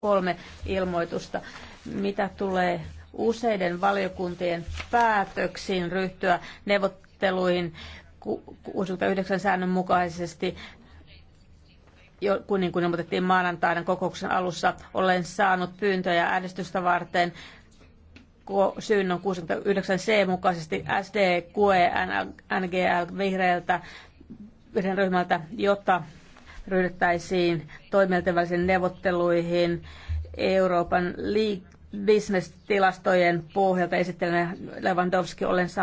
kolme ilmoitusta, mitä tulee useiden valiokuntien päätöksiin ryhtyä neuvotteluihin 69 säännön mukaisesti jo, kun niin kuin ilmoitettiin maanantaina kokouksen alussa, olen saanut pyyntöjä äänestystä varten syyn on 69c mukaisesti SD, QE, NGL, vihreältä, vihreän ryhmältä, jotta ryhdyttäisiin toimijoiden välisiin neuvotteluihin Euroopan liik- bisnestilastojen pohjalta esittelenä Lewandowski olen saanut